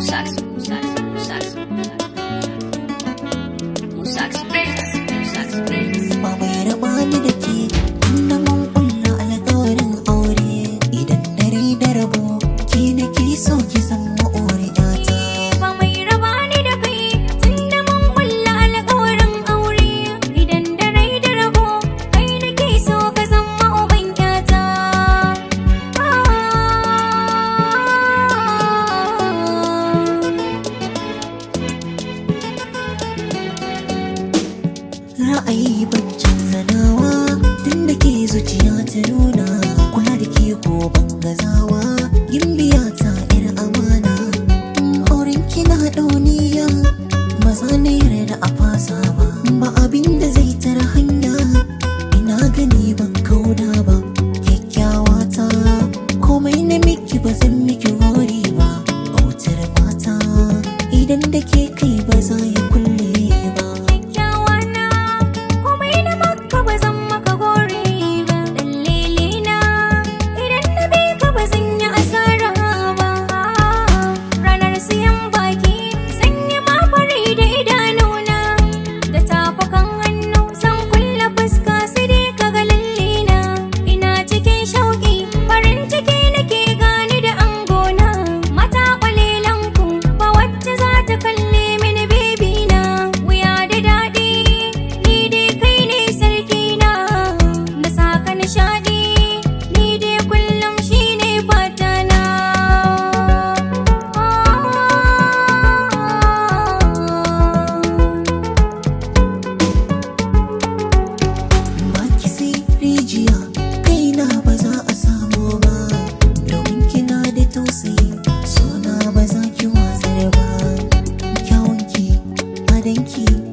sucks ra'ayi ban canza tun da ke zuciya ta nuna kula da ke ko ban gazawa gimbiya ta ir amana auren kina ɗauniya maza ne da a fasa ba ba abin da zai tara hanya ina gani ban kauda ba kyakkyawa ta komai na miki ba zan miki wari ba bautar mata idan da ke Thank you.